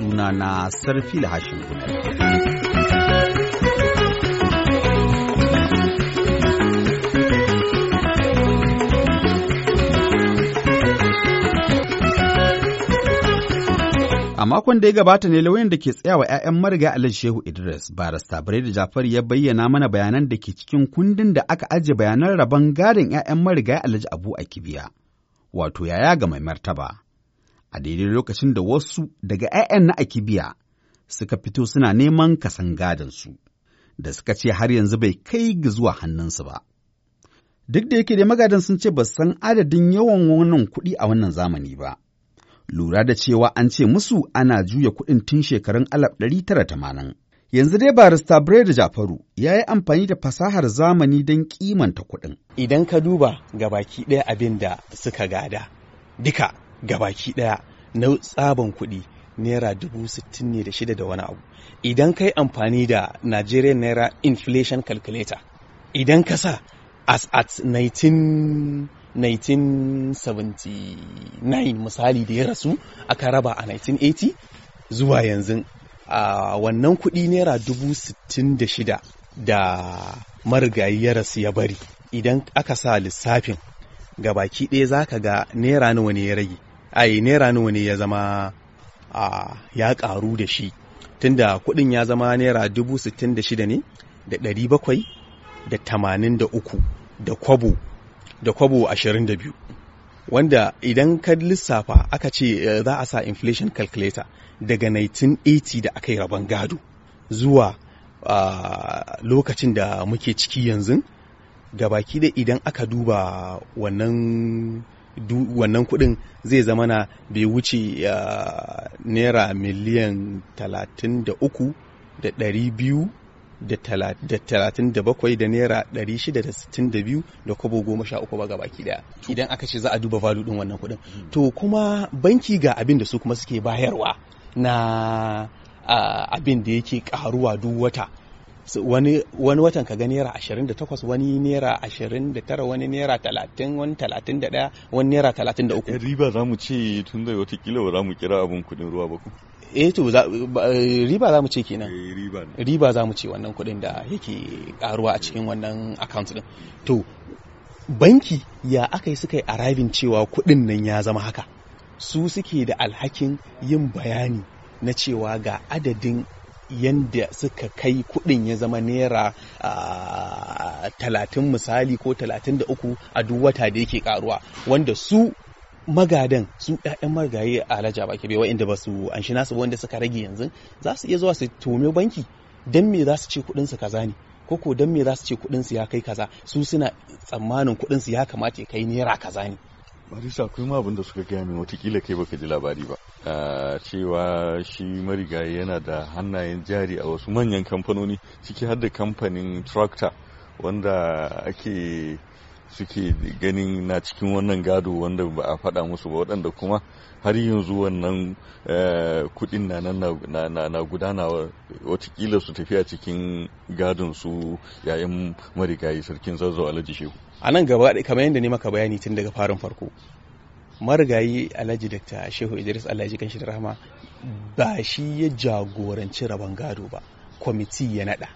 suna na sarfi hashin gudu. A makon da ya gabata ne lauyan da ke tsayawa 'ya'yan mariga a Shehu Idris, barista Biredi Jafar ya bayyana mana bayanan da ke cikin kundin da aka ajiye bayanan rabon gadin 'ya'yan mariga Alhaji Abu Akibiya, wato yaya ga mai martaba. a daidai lokacin da wasu daga ‘ya'yan na akibiya suka fito suna neman kasan su da suka ce har yanzu bai kai ga zuwa hannunsu ba. Duk da yake dai magadan sun ce ba san adadin yawan wannan kuɗi a wannan zamani ba, lura da cewa an ce musu ana juya kuɗin tun shekarun alaf ɗari tara tamanin. Yanzu dai barista Bred Jafaru ya yi amfani da fasahar zamani don kimanta kuɗin. Idan ka duba ga baki ɗaya abin da suka gada, duka gabaki daya na tsaban kuɗi naira dubu sittin ne da shida da wani abu idan kai amfani da nigerian naira inflation calculator idan ka sa as at 1979 misali da ya rasu aka raba a 1980 zuwa yanzu a wannan kuɗi naira dubu sittin da shida da marigayi ya rasu ya bari idan aka sa lissafin gabaki ɗaya za ka ga naira nawa ne ya rage ai naira nawa ne ya zama ya karu da shi tunda kuɗin ya zama naira dubu sittin da shida ne da ɗari bakwai da tamanin da uku da kwabo da kwabo ashirin da biyu wanda idan ka lissafa aka ce eh, za a sa inflation calculator daga 1980 da aka yi rabon gado zuwa lokacin da muke ciki yanzu ga baki da idan aka duba wannan wannan kuɗin zai zama na bai wuce naira miliyan talatin da uku biyu da talatin da bakwai da naira ɗari da kobo goma sha uku ba gaba ki daya idan aka ce za a duba valu ɗin wannan kuɗin hmm. to kuma banki ga abin da su kuma suke bayarwa na abin da yake karuwa duk wata wani wani watan ka ga naira 28 wani naira 29 wani naira 30 wani 31 wani naira 33 eh, riba za mu ce tun da watakila ba za mu kira abin kudin ruwa ba ku eh to riba za mu ce kenan eh, riba za mu ce wannan kudin da yake karuwa a cikin wannan account din to banki ya aka yi suka yi arabin cewa kudin nan ya zama haka su suke da alhakin yin bayani na cewa ga adadin yanda suka kai kuɗin ya zama naira talatin misali ko talatin da uku a duk wata da yake karuwa wanda su magadan su ƴaƴan magaye a alhaji baki bai wa'inda ba su an shi nasu wanda suka rage yanzu za su iya zuwa su tome banki don me za su ce kuɗin su kaza ne ko ko don me za su ce kuɗin su ya kai kaza su suna tsammanin kuɗin su ya kamata ya kai naira kaza ne barisa akwai ma abin da suka gaya min watakila kai baka ji labari ba cewa shi marigayi yana da hannayen jari a wasu manyan kamfanoni ciki har da kamfanin tractor wanda ake suke ganin na cikin wannan gado wanda ba a faɗa musu ba waɗanda kuma har yanzu wannan kudin na nan na gudana watakila su tafi a cikin gadon su yayin marigayi sarkin zazzau alhaji shehu a nan gaba kamar yadda ne maka bayani tun daga farin farko marigayi alhaji dakta shehu idris alhaji kanshi da rahama ba shi ya jagoranci rabon gado ba kwamiti ya nada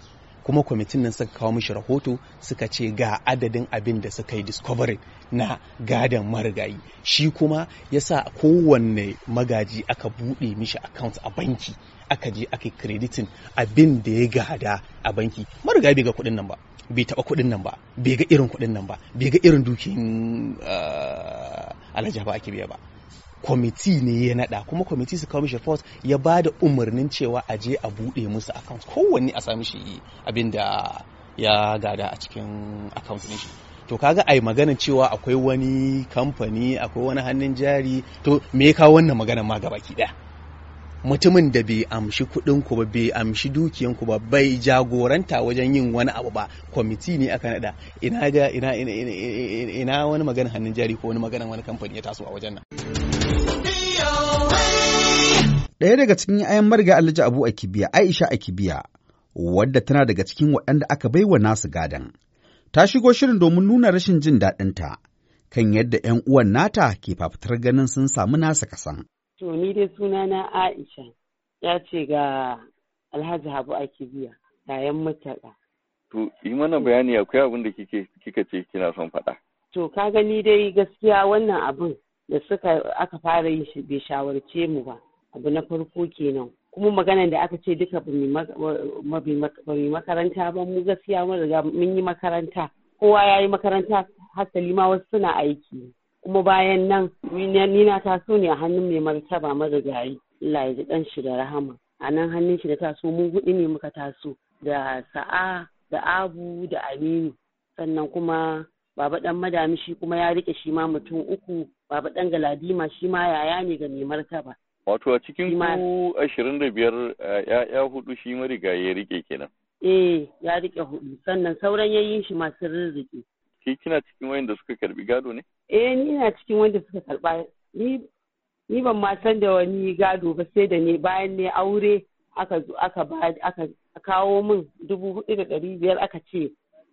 kuma kwamitin nan suka kawo mishi rahoto suka ce ga adadin abin da suka yi discovery na gadon marigayi shi kuma ya sa kowanne magaji aka buɗe mishi account a banki aka je aka kreditin abin da ya gada a banki marigayi bai ga kuɗin nan ba bai taɓa kuɗin nan ba bai ga irin kuɗin nan ba bai ga irin dukiyin ah, alhaji ba ake biya ba kwamiti ne ya nada kuma kwamiti su kawo mishi report ya ba da umarnin cewa a je a buɗe musu account kowanne a sami shi abin da ya gada a cikin account shi to kaga ai magana cewa akwai wani kamfani akwai wani hannun jari to me ya kawo wannan maganar ma gabaki daya mutumin da bai amshi kuɗin ku ba bai amshi dukiyan ku ba bai jagoranta wajen yin wani abu ba kwamiti ne aka nada ina ga ina ina wani magana hannun jari ko wani magana wani kamfani ya taso a wajen nan Ɗaya daga cikin ayan marga Alhaji Abu Akibiya, Aisha Akibiya, wadda tana daga cikin waɗanda aka bai wa nasu gadan. Ta shigo shirin domin nuna rashin jin daɗinta kan yadda ‘yan uwan nata ke fafutar ganin sun samu nasa kasan. To ni dai na Aisha ya ce ga Alhaji Habu ake biya yayan mutaka. To yi mana bayani akwai abin da kika ce kina son faɗa. To ka gani dai gaskiya wannan abin da suka aka fara yin shi bai shawarce mu ba abu na farko kenan kuma maganan da aka ce duka ba mu makaranta ba mu gaskiya mun riga mun yi makaranta kowa ya yi makaranta hasali ma wasu suna aiki kuma bayan nan ni na so ne a hannun mai martaba marigayi Allah ya ji dan shi da rahama a nan hannun shi da ta so mu hudu ne muka taso da sa'a da abu da aminu sannan kuma baba dan madami shi kuma ya rike shi ma mutum uku baba dan galadima shi ma yaya ne ga mai martaba wato a cikin ku ashirin da biyar eh, hudu shi marigayi ya rike kenan eh ya rike hudu sannan sauran yayin shi masu rike Ki kina cikin wayan da suka karbi gado ne eh ni na cikin wanda suka karba ni ni ban ma san da wani gado ba sai da ne bayan ne aure aka zo aka ba aka kawo min dubu hudu da dari biyar aka ce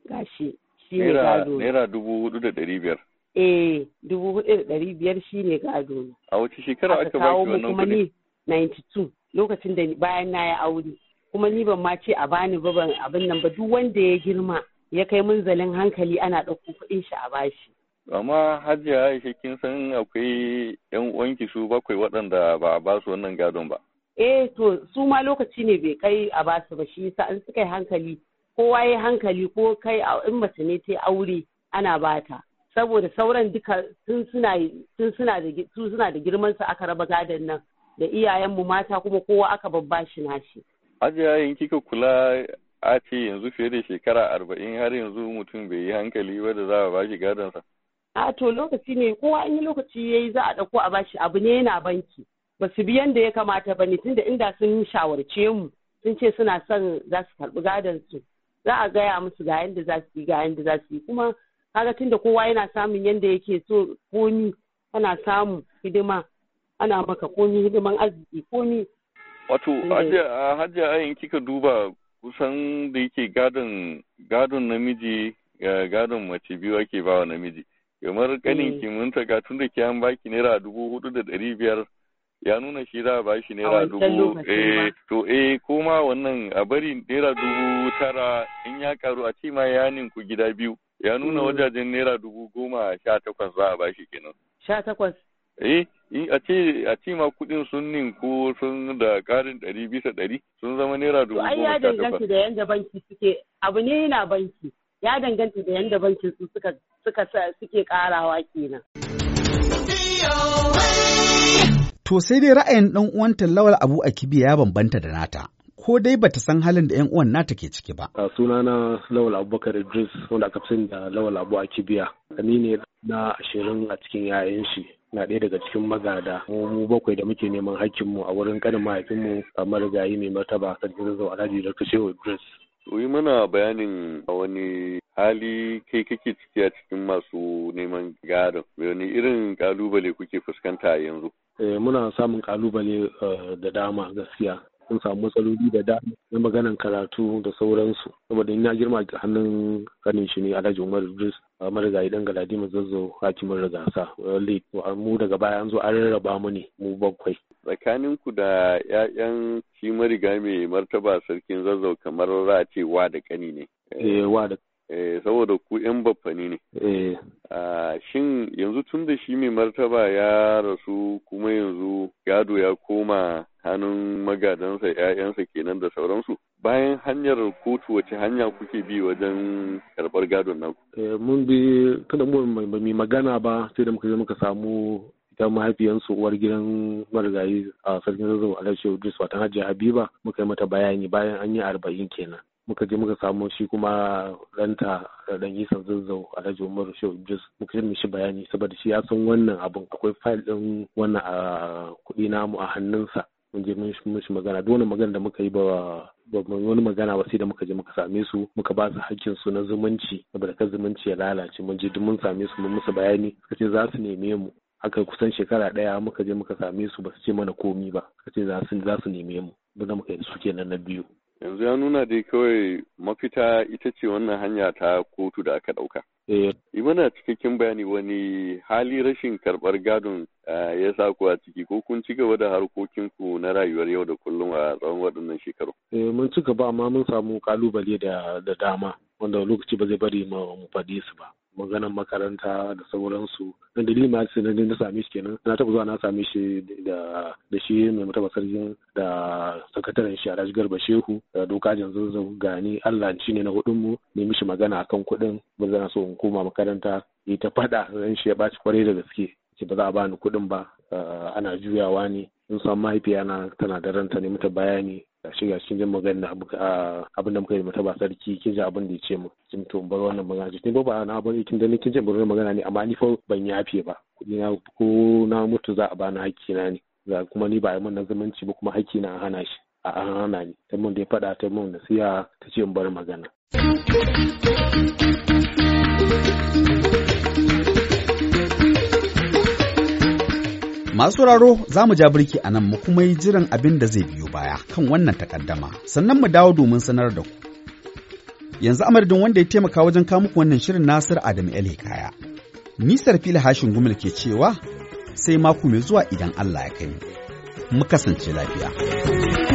gashi shi ne gado naira dubu hudu da dari biyar eh dubu hudu da dari biyar shi ne gado a wace shekara aka ba kawo wannan kuma ni 92 lokacin da bayan na ya aure kuma ni ban ma ce a bani ba ban abin nan ba duk wanda ya girma ya kai mun zalin hankali ana ɗauko kuɗin shi a bashi. amma hajiya aisha kin san akwai yan uwanki su bakwai waɗanda ba a basu wannan gadon ba. eh to su ma lokaci ne bai kai a basu ba shi yasa an suka yi hankali kowa ya hankali ko kai a in mace ne ta aure ana bata saboda sauran duka sun suna da girman su aka raba gadon nan da iyayenmu mata kuma kowa aka babba shi nashi. ya yin kika kula a ce yanzu fiye da shekara arba'in har yanzu mutum bai yi hankali ba da za a bashi gadonsa. a to lokaci ne kowa in yi lokaci ya yi za a ɗauko a bashi abu ne yana banki ba su bi yanda ya kamata ba ne tunda inda sun shawarce mu sun ce suna son za su karɓi gadon su za a gaya musu ga yanda za su yi ga yanda za su yi kuma kaga tunda kowa yana samun yanda yake so komi ana samun hidima ana maka komi hidiman arziki komi wato eh. a hajiya ayin kika duba kusan da yake gadon gadon namiji gadon mace biyu ake ba wa namiji kamar kanin kimunta eh. ga tun da ke an baki naira dubu hudu da dari biyar ya nuna shi za a ba shi naira dubu eh to eh koma wannan a bari naira dubu tara in ya karu a ce ma ya ninku gida biyu ya nuna eh. wajajen naira dubu goma sha takwas za a ba shi kenan sha takwas eh in a ce a ce ma kuɗin sun ninku sun da ƙarin ɗari bisa ɗari sun zama naira dubu goma sha ya danganta da yanda banki suke abu ne yana banki ya danganta da yanda banki su suka suka suke ƙarawa kenan. To sai dai ra'ayin ɗan uwan Lawal Abu a Akibi ya bambanta da nata. ko dai bata san halin da 'yan uwan nata ke ciki ba. Suna na Lawal Abubakar Idris wanda aka fi da Lawal Abu Akibiya. Ni ne na ashirin a cikin 'ya'yan shi. na ɗaya daga cikin magada mu bakwai da muke neman hakkinmu a wurin kanin mahaifinmu kamar gayi mai martaba sarkin zazzau alhaji da kashe kashewa idris yi mana bayanin a wani hali kai kake ciki a cikin masu neman gadon wani irin kalubale kuke fuskanta yanzu eh, muna samun kalubale eh, da dama gaskiya sun samu matsaloli da dama na maganan karatu da sauransu saboda ina girma a hannun kanin shi ne Alhaji Umar Idris marigayi dan Galadima Zazzo hakimin rigasa Wani mu daga baya an zo an rarraba mu ne mu bakwai tsakanin ku da ya'yan shi mariga mai martaba sarkin Zazzau kamar ra'a ce wa da kani ne eh wa da eh, saboda ku 'yan baffani ne eh shin yanzu tun da shi mai martaba ya rasu kuma yanzu gado ya koma hannun magadansa ‘ya'yansa kenan da sauransu bayan hanyar kotu wace hanya kuke bi wajen karɓar gadon nan eh, mun bi tunda mu ba mai magana ba sai da muka je muka samu ta mahaifiyansu uwar gidan marigayi a sarkin zazzau alhaji su watan hajiya habiba muka yi mata bayani bayan an yi arba'in kenan muka je muka samu shi kuma ranta da dan isan zazzau da umar show just muka je shi bayani saboda shi ya san wannan abun akwai fayil din wannan a kudi namu a hannunsa mun je mun shi magana duk magana da muka yi ba ba wani magana ba sai da muka je muka same su muka ba su hakkin su na zumunci saboda kan zumunci ya lalace mun je duk mun same su mun musu bayani suka ce za su neme mu aka kusan shekara daya muka je muka same su ba su ce mana komi ba suka ce za su neme mu da muka yi su kenan na biyu yanzu ya nuna dai kawai mafita ita ce wannan hanya ta kotu da aka ɗauka. Eh. Yi mana cikakken bayani wani hali rashin karɓar gadon eh, ya sa ku a ciki ko kun ci gaba da harkokin ku na rayuwar yau da kullum a tsawon waɗannan shekaru. Eh, mun ci gaba amma mun samu kalubale da dama wanda lokaci ba zai bari mu faɗi su ba. maganan makaranta da sauransu na dalili ma sai na na same shi kenan na taba zuwa na same shi da da shi mai mutaba sarkin da sakataren shi Alhaji Garba Shehu da doka zazzau gani Allah shi ne na hudun mu ne mishi magana akan kuɗin ba zan so in koma makaranta yi ta fada ran shi ya ɓaci kwarai da gaske ce ba za a bani kuɗin ba eh, ana juyawa ne in san mahaifiya na tana da ranta ne mata bayani shi ga cikin magana abin da muka yi mata ba sarki kin ji abin da ya ce mu kin to bar wannan magana kin ba ba na abin kin da kin ji bar wannan magana ne amma ni fa ban yafe ba kudi na ko na mutu za a bani hakki na ne za kuma ni ba a yi mun zumunci ba kuma hakki na hana shi a an hana ni ta mun da ya faɗa ta mun nasiha ta ce in bar magana. Masu raro za mu ja birki a nan mu kuma yi jiran abin da zai biyo baya kan wannan takaddama sannan mu dawo domin sanar da ku. Yanzu amardin wanda ya taimaka wajen muku wannan shirin Nasir Adam El Hikaya. Nisar fili hashin gumul ke cewa sai mako mai zuwa idan Allah ya kai mu. Mu kasance lafiya.